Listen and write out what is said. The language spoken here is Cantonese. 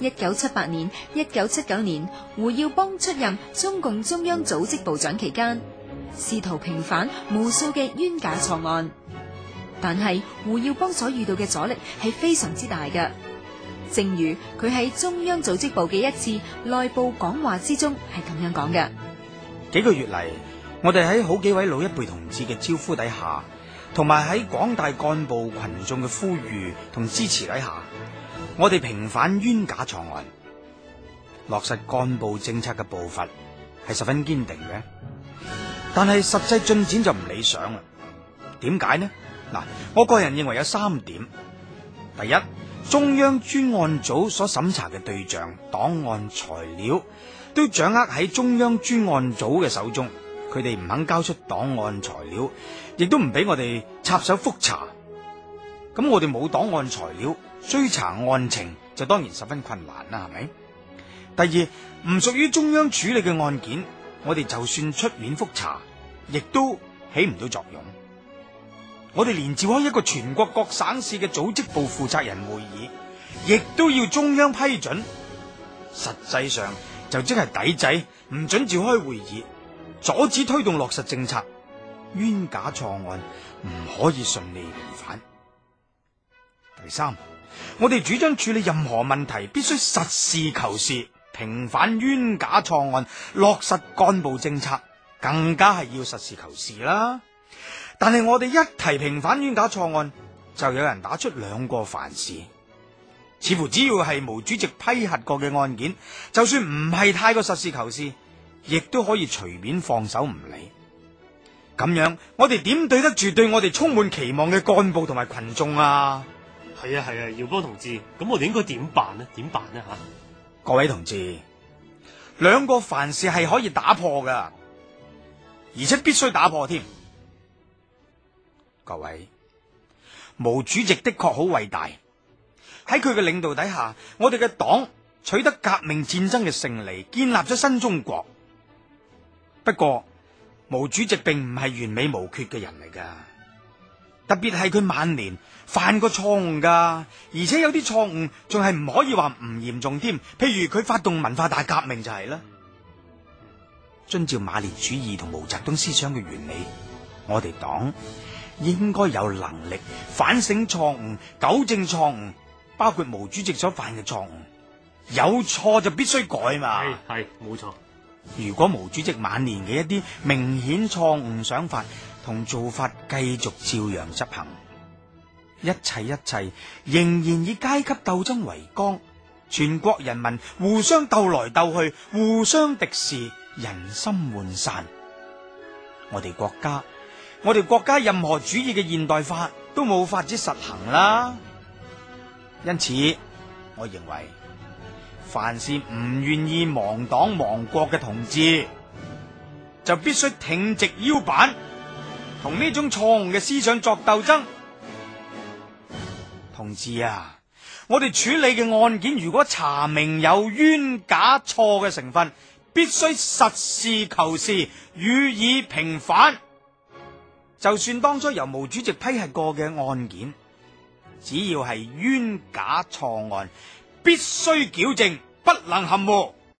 一九七八年、一九七九年，胡耀邦出任中共中央組織部長期間，試圖平反無數嘅冤假錯案，但係胡耀邦所遇到嘅阻力係非常之大嘅。正如佢喺中央組織部嘅一次內部講話之中，係咁樣講嘅：幾個月嚟，我哋喺好幾位老一輩同志嘅招呼底下，同埋喺廣大幹部群眾嘅呼籲同支持底下。我哋平反冤假錯案、落實幹部政策嘅步伐係十分堅定嘅，但係實際進展就唔理想啦。點解呢？嗱，我個人認為有三點：第一，中央專案組所審查嘅對象、檔案材料都掌握喺中央專案組嘅手中，佢哋唔肯交出檔案材料，亦都唔俾我哋插手複查。咁我哋冇檔案材料追查案情就當然十分困難啦，係咪？第二，唔屬於中央處理嘅案件，我哋就算出面複查，亦都起唔到作用。我哋連召開一個全國各省市嘅組織部負責人會議，亦都要中央批准。實際上就即係抵制，唔准召開會議，阻止推動落實政策，冤假錯案唔可以順利。第三，我哋主張處理任何問題必須實事求是，平反冤假錯案，落實幹部政策，更加係要實事求是啦。但係我哋一提平反冤假錯案，就有人打出兩個凡是，似乎只要係毛主席批核過嘅案件，就算唔係太過實事求是，亦都可以隨便放手唔理。咁樣，我哋點對得住對我哋充滿期望嘅幹部同埋群眾啊？係啊係啊，耀邦、啊、同志，咁我哋應該點辦呢？點辦呢？吓，各位同志，兩個凡是係可以打破噶，而且必須打破添。各位，毛主席的確好偉大，喺佢嘅領導底下，我哋嘅黨取得革命戰爭嘅勝利，建立咗新中國。不過，毛主席並唔係完美無缺嘅人嚟噶。特別係佢晚年犯過錯誤噶，而且有啲錯誤仲係唔可以話唔嚴重添。譬如佢發動文化大革命就係啦。遵照馬列主義同毛澤東思想嘅原理，我哋黨應該有能力反省錯誤、糾正錯誤，包括毛主席所犯嘅錯誤。有錯就必須改嘛。係，係，冇錯。如果毛主席晚年嘅一啲明顯錯誤想法，同做法繼續照樣執行，一切一切仍然以階級鬥爭為綱，全國人民互相鬥來鬥去，互相敵視，人心渙散。我哋國家，我哋國家任何主義嘅現代化都冇法子實行啦。因此，我認為，凡是唔願意亡黨亡國嘅同志，就必須挺直腰板。同呢種錯誤嘅思想作鬥爭，同志啊！我哋處理嘅案件如果查明有冤假錯嘅成分，必須實事求是予以平反。就算當初由毛主席批核過嘅案件，只要係冤假錯案，必須矯正，不能含糊。